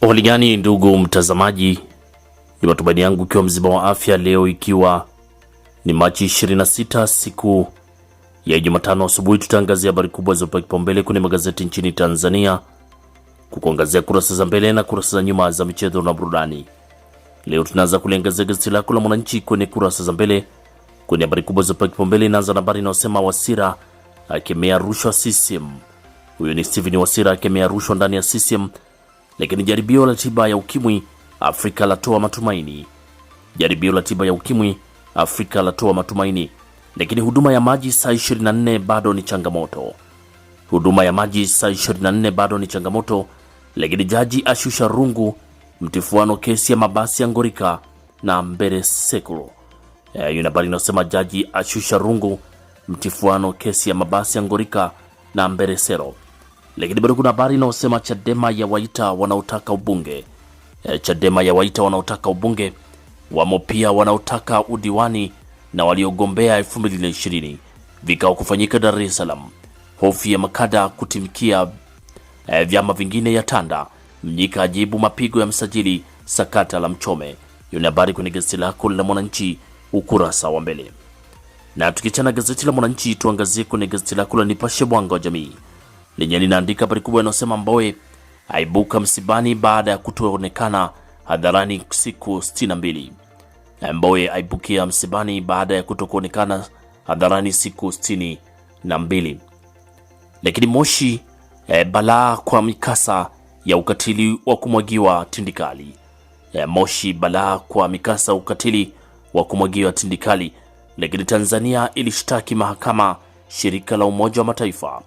Hali gani ndugu mtazamaji, ni matumaini yangu ikiwa mzima wa afya. Leo ikiwa ni Machi 26 siku ya Jumatano asubuhi, tutaangazia habari kubwa zilizopewa kipaumbele kwenye magazeti nchini Tanzania, kukuangazia kurasa za mbele na kurasa za nyuma za michezo na burudani. Leo tunaanza kuliangazia gazeti lako la Mwananchi kwenye kurasa za mbele kwenye habari kubwa zilizopewa kipaumbele. Inaanza na habari inayosema Wasira akemea rushwa CCM. Huyo ni Steven Wasira akemea rushwa ndani ya CCM lakini jaribio la tiba ya ukimwi Afrika latoa matumaini. Jaribio la tiba ya ukimwi Afrika latoa matumaini, lakini huduma ya maji saa 24 bado ni changamoto. Huduma ya maji saa 24 bado ni changamoto, lakini jaji ashusha rungu mtifuano kesi ya mabasi ya Ngorika na Mbere Sekuru. E, eh, hiyo habari inasema jaji ashusha rungu mtifuano kesi ya mabasi ya Ngorika na Mbere Sekuru. Lakini bado kuna habari inayosema Chadema ya waita wanaotaka ubunge. E, Chadema ya waita wanaotaka ubunge wamo pia wanaotaka udiwani na waliogombea 2020 vikao kufanyika Dar es Salaam. Hofu ya makada kutimkia eh, vyama vingine ya tanda. Mnyika ajibu mapigo ya msajili sakata la Mchome. Hiyo ni habari kwenye gazeti lako la Mwananchi ukurasa wa mbele. Na tukichana gazeti la Mwananchi tuangazie kwenye gazeti lako la Nipashe mwanga wa jamii lenye linaandika habari kubwa inayosema Mbowe aibuka msibani baada ya kutoonekana hadharani siku 62. Mbowe aibukia msibani baada ya kutokuonekana hadharani siku 62. Lakini Moshi, e, balaa kwa mikasa ya ukatili wa kumwagiwa tindikali. E, Moshi, balaa kwa mikasa ya ukatili wa kumwagiwa tindikali. Lakini Tanzania ilishtaki mahakama shirika la Umoja wa Mataifa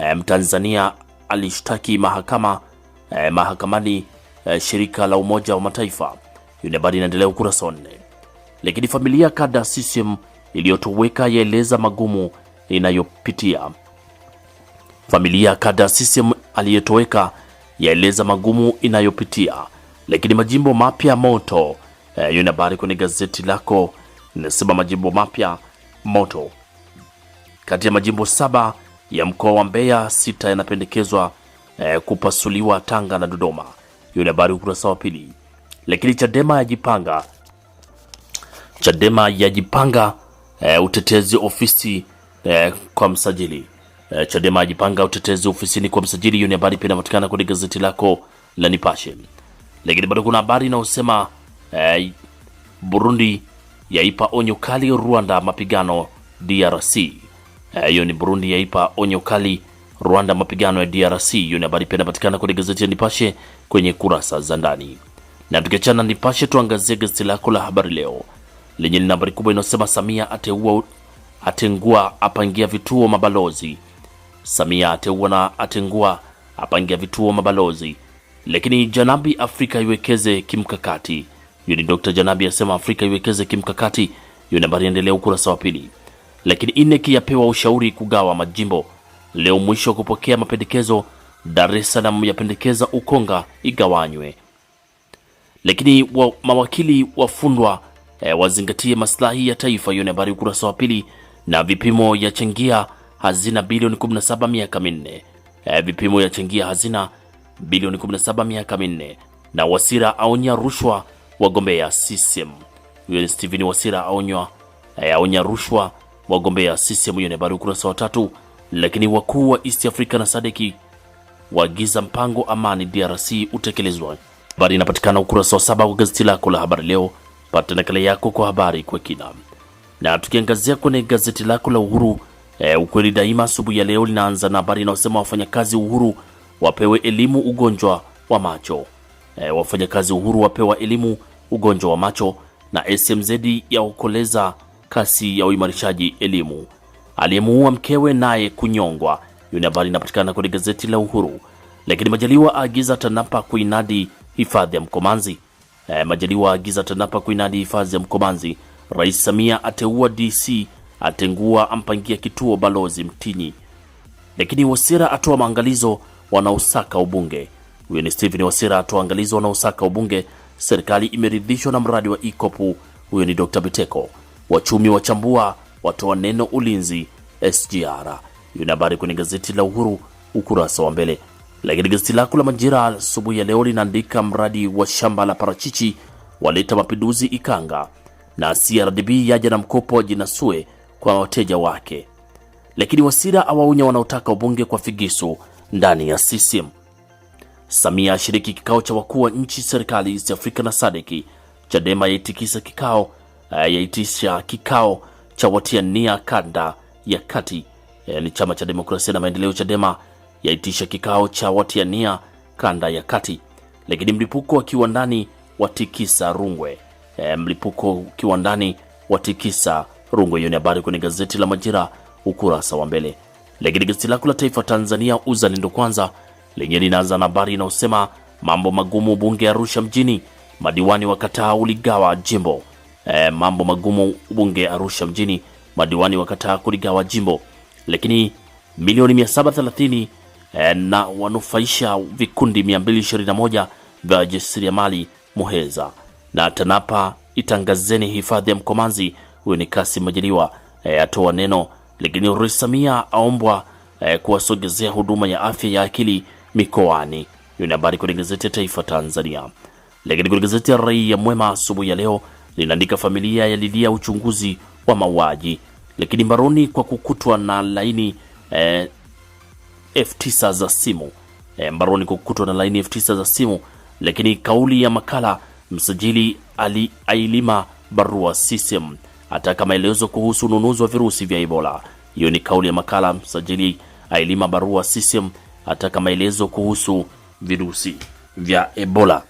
eh, Mtanzania alishtaki mahakama eh, mahakamani eh, shirika la Umoja wa Mataifa. Hiyo ni habari inaendelea ukurasa wa nne. Lakini familia kada CCM iliyotoweka yaeleza magumu inayopitia. Familia kada CCM aliyetoweka yaeleza magumu inayopitia. Lakini majimbo mapya moto. Eh, hiyo ni habari kwenye gazeti lako, inasema majimbo mapya moto. Kati ya majimbo saba ya mkoa wa Mbeya, sita yanapendekezwa eh, kupasuliwa Tanga na Dodoma. Hiyo ni habari ukurasa wa pili. Lakini Chadema yajipanga, Chadema yajipanga eh, utetezi ofisi eh, kwa msajili eh, Chadema yajipanga utetezi ofisini kwa msajili. Hiyo ni habari pia inapatikana kwenye gazeti lako la Nipashe. Lakini bado kuna habari inayosema eh, Burundi yaipa onyo kali Rwanda mapigano DRC. Eh, hiyo ni Burundi yaipa onyo kali Rwanda mapigano ya DRC. Hiyo ni habari pia inapatikana kwenye gazeti ya Nipashe kwenye kurasa za ndani. Na tukiachana Nipashe, tuangazie gazeti lako la Habari Leo lenye ni habari kubwa inayosema Samia ateua atengua apangia vituo mabalozi. Samia ateua na atengua apangia vituo mabalozi. Lakini Janabi Afrika iwekeze kimkakati. Hiyo ni Dr. Janabi asema Afrika iwekeze kimkakati. Hiyo ni habari endelea ukurasa wa pili lakini INEC yapewa ushauri kugawa majimbo. Leo mwisho wa kupokea mapendekezo, Dar es Salaam yapendekeza Ukonga igawanywe, lakini wa, mawakili wafundwa e, wazingatie maslahi ya taifa. Hiyo ni habari ukurasa wa pili. Na vipimo yachangia hazina bilioni 17 miaka minne. E, vipimo yachangia hazina bilioni 17 miaka minne. Na Wasira aonya rushwa wagombea CCM. Huyo ni Steven Wasira aonywa, e, eh, aonya rushwa wagombea CCM. Hiyo ni habari ukurasa wa tatu. Lakini wakuu wa East Africa na Sadeki waagiza mpango amani DRC utekelezwa. Habari inapatikana ukurasa wa saba wa gazeti lako la habari leo. Pata nakala yako kwa habari kwa kina. Na tukiangazia kwenye gazeti lako la Uhuru e, ukweli daima asubuhi ya leo linaanza na habari inayosema wafanyakazi Uhuru wapewe elimu ugonjwa wa macho. E, wafanyakazi Uhuru wapewa elimu ugonjwa wa macho na SMZ yaokoleza kasi ya uimarishaji elimu, aliyemuua mkewe naye kunyongwa. Hiyo ni habari inapatikana kwenye gazeti la Uhuru. Lakini Majaliwa aagiza TANAPA kuinadi hifadhi ya Mkomanzi. E, Majaliwa aagiza TANAPA kuinadi hifadhi ya Mkomanzi. Rais Samia ateua DC atengua ampangia kituo balozi Mtinyi. Lakini Wasira atoa maangalizo wanaosaka ubunge. Huyo ni Stephen Wasira atoa angalizo wanaosaka ubunge. Serikali imeridhishwa na mradi wa ikopu. Huyo ni Dr. Biteko. Wachumi wachambua watoa neno ulinzi SGR. Hiyo ni habari kwenye gazeti la Uhuru ukurasa wa mbele. Lakini gazeti lako la Majira asubuhi ya leo linaandika mradi wa shamba la parachichi waleta mapinduzi Ikanga, na CRDB yaja na mkopo wa jinasue kwa wateja wake. Lakini Wasira awaonya wanaotaka ubunge kwa figisu ndani ya CCM. Samia ashiriki kikao cha wakuu wa nchi serikali za Afrika na sadiki Chadema yaitikisa kikao Eh, yaitisha kikao cha watiania kanda ya kati. Yani eh, chama cha demokrasia na maendeleo Chadema yaitisha kikao cha nia kanda ya kati, lakini mlipuko wa kiwandani watikisa Rungwe. E, mlipuko kiwandani watikisa Rungwe. Hiyo ni habari kwenye gazeti la Majira ukurasa wa mbele. Lakini gazeti lako la Taifa Tanzania Uzalendo Kwanza lenye linaanza na habari inayosema mambo magumu bunge Arusha mjini, madiwani wakataa uligawa jimbo e, mambo magumu bunge Arusha mjini, madiwani wakataa kuligawa jimbo, lakini milioni 730 e, eh, na wanufaisha vikundi 221 vya wajasiriamali Muheza na TANAPA itangazeni hifadhi ya Mkomanzi. Huyo ni Kassim Majaliwa e, atoa neno, lakini Rais Samia aombwa e, kuwasogezea huduma ya afya ya akili mikoani. Hiyo ni habari kwenye gazeti ya Taifa Tanzania. Lakini kwenye gazeti ya Raia Mwema asubuhi ya leo linaandika familia yalilia uchunguzi wa mauaji, lakini mbaroni kwa kukutwa na laini eh, F9 za simu eh, mbaroni kwa kukutwa na laini F9 za simu. Lakini kauli ya makala msajili ali ailima barua system ataka maelezo kuhusu ununuzi wa virusi vya Ebola. Hiyo ni kauli ya makala msajili ailima barua system ataka maelezo kuhusu virusi vya Ebola.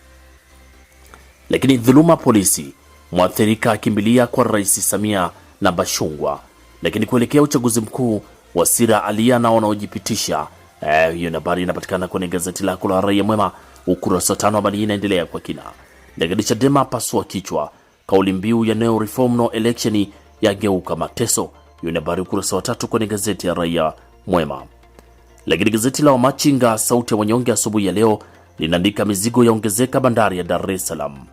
Lakini dhuluma polisi mwathirika akimbilia kwa Rais Samia na Bashungwa. Lakini kuelekea uchaguzi mkuu, Wasira alia na wanaojipitisha. Eh, hiyo habari inapatikana kwenye gazeti lako la Raia Mwema ukurasa tano. Habari hii inaendelea kwa kina. Lakini Chadema pasua kichwa, kauli mbiu ya no reform no election yageuka mateso. Hiyo ni habari ukurasa wa tatu kwenye gazeti ya Raia Mwema. Lakini gazeti la Wamachinga sauti ya wanyonge asubuhi ya leo linaandika mizigo yaongezeka bandari ya Dar es Salaam.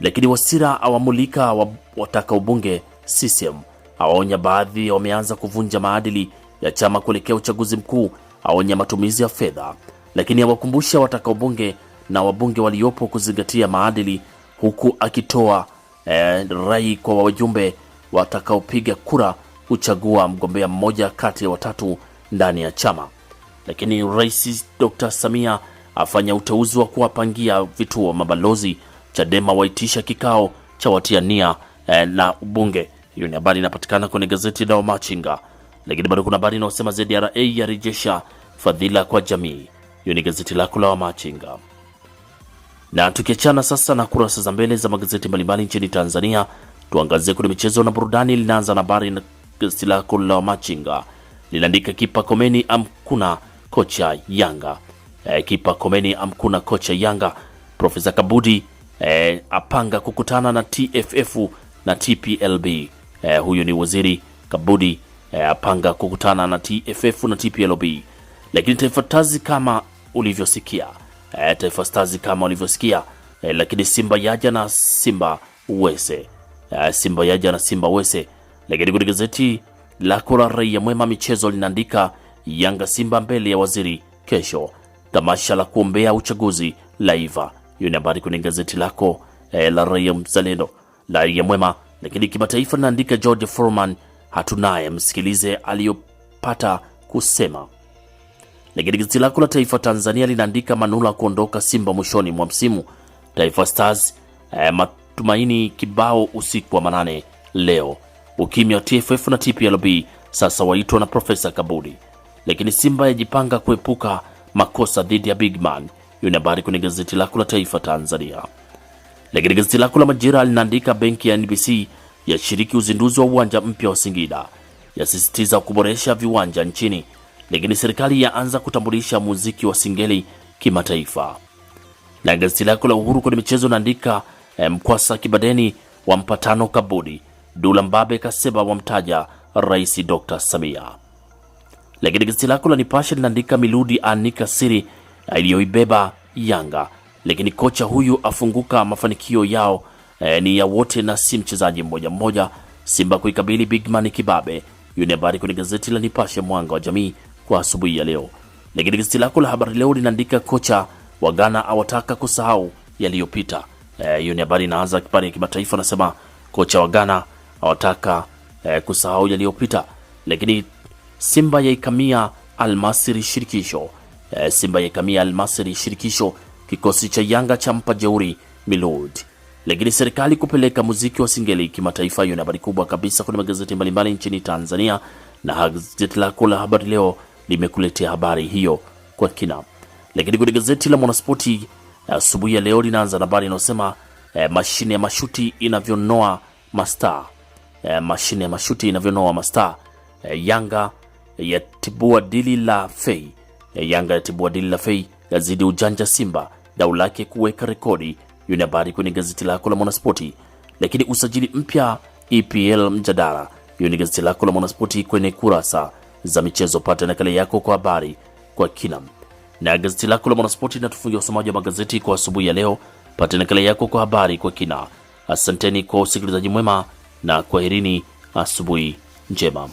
Lakini Wasira awamulika wataka ubunge CCM, awaonya baadhi wameanza kuvunja maadili ya chama kuelekea uchaguzi mkuu, aonya matumizi ya fedha, lakini awakumbusha wataka ubunge na wabunge waliopo kuzingatia maadili, huku akitoa eh, rai kwa wajumbe watakaopiga kura kuchagua mgombea mmoja kati ya watatu ndani ya chama. Lakini Rais Dr. Samia afanya uteuzi wa kuwapangia vituo mabalozi Chadema waitisha kikao cha watiania eh, na ubunge. Hiyo ni habari inapatikana kwenye gazeti la Machinga, lakini bado kuna habari inayosema ZRA yarejesha fadhila kwa jamii. Hiyo ni gazeti lako la Machinga. Na tukiachana sasa na kurasa za mbele za magazeti mbalimbali nchini Tanzania, tuangazie kwenye michezo na burudani. Linaanza na habari na gazeti lako la Machinga linaandika kipa Komeni amkuna kocha Yanga. E, eh, kipa Komeni amkuna kocha Yanga. Profesa Kabudi eh, apanga kukutana na TFF na TPLB. Eh, huyu ni waziri Kabudi eh, apanga kukutana na TFF na TPLB. Lakini Taifa Stars kama ulivyosikia eh, Taifa Stars kama ulivyosikia eh, lakini Simba yaja na Simba Wese eh, Simba yaja na Simba Wese. Lakini kwenye gazeti lako la Raia Mwema michezo linaandika Yanga Simba mbele ya waziri kesho, tamasha la kuombea uchaguzi laiva hiyo ni habari kwenye gazeti lako eh, la Raia Mzalendo, la Raia Mwema. Lakini kimataifa linaandika George Foreman hatunaye, msikilize aliyopata kusema. Lakini gazeti lako la Taifa Tanzania linaandika Manula kuondoka Simba mwishoni mwa msimu. Taifa Stars eh, matumaini kibao usiku wa manane leo. Ukimya wa TFF na TPLB sasa waitwa na Profesa Kabudi. Lakini Simba yajipanga kuepuka makosa dhidi ya Big Man. Hiyo ni habari kwenye gazeti lako la Taifa Tanzania. Lakini gazeti lako la Majira linaandika benki ya NBC yashiriki uzinduzi wa uwanja mpya wa Singida, yasisitiza kuboresha viwanja nchini. Lakini serikali yaanza kutambulisha muziki wa Singeli kimataifa. Na gazeti lako la Uhuru kwenye michezo linaandika eh, Mkwasa Kibadeni wa mpatano kabodi Dula Mbabe Kaseba wamtaja Rais Dr. Samia. Lakini gazeti lako la Nipashe linaandika Miludi anika siri aliyoibeba Yanga, lakini kocha huyu afunguka. Mafanikio yao eh, ni ya wote na si mchezaji mmoja mmoja. Simba kuikabili Big Man Kibabe. Hiyo ni habari kwenye gazeti la Nipashe Mwanga wa Jamii kwa asubuhi ya leo. Lakini gazeti lako la Habari Leo linaandika kocha wa Ghana awataka kusahau yaliyopita. Eh, hiyo eh, ni habari inaanza kipande ya kimataifa, anasema kocha wa Ghana awataka eh, kusahau yaliyopita. Lakini Simba yaikamia Almasiri shirikisho e, Simba yakamia Almasri shirikisho, kikosi cha Yanga cha mpa jeuri Miloud. Lakini serikali kupeleka muziki wa singeli kimataifa, hiyo ni habari kubwa kabisa kwenye magazeti mbalimbali nchini Tanzania, na gazeti lako la Habari Leo limekuletea habari hiyo kwa kina. Lakini kwenye gazeti la Mwanaspoti eh, asubuhi ya leo linaanza na habari inayosema e, mashine ya mashuti inavyonoa mastaa e, mashine ya mashuti inavyonoa masta e, Yanga yatibua dili la Fei ya Yanga yatibua dili la Fei, yazidi ujanja Simba, dau lake kuweka rekodi. Hiyo ni habari kwenye gazeti lako la Mwanaspoti. Lakini usajili mpya EPL mjadala, hiyo ni gazeti lako la Mwanaspoti kwenye kurasa za michezo. Pata nakala yako kwa habari kwa kinam na gazeti lako la Mwanaspoti linatufungia usomaji wa magazeti kwa asubuhi ya leo. Pata nakala yako kwa habari kwa kina. Asanteni kwa usikilizaji mwema na kwaherini, asubuhi njema.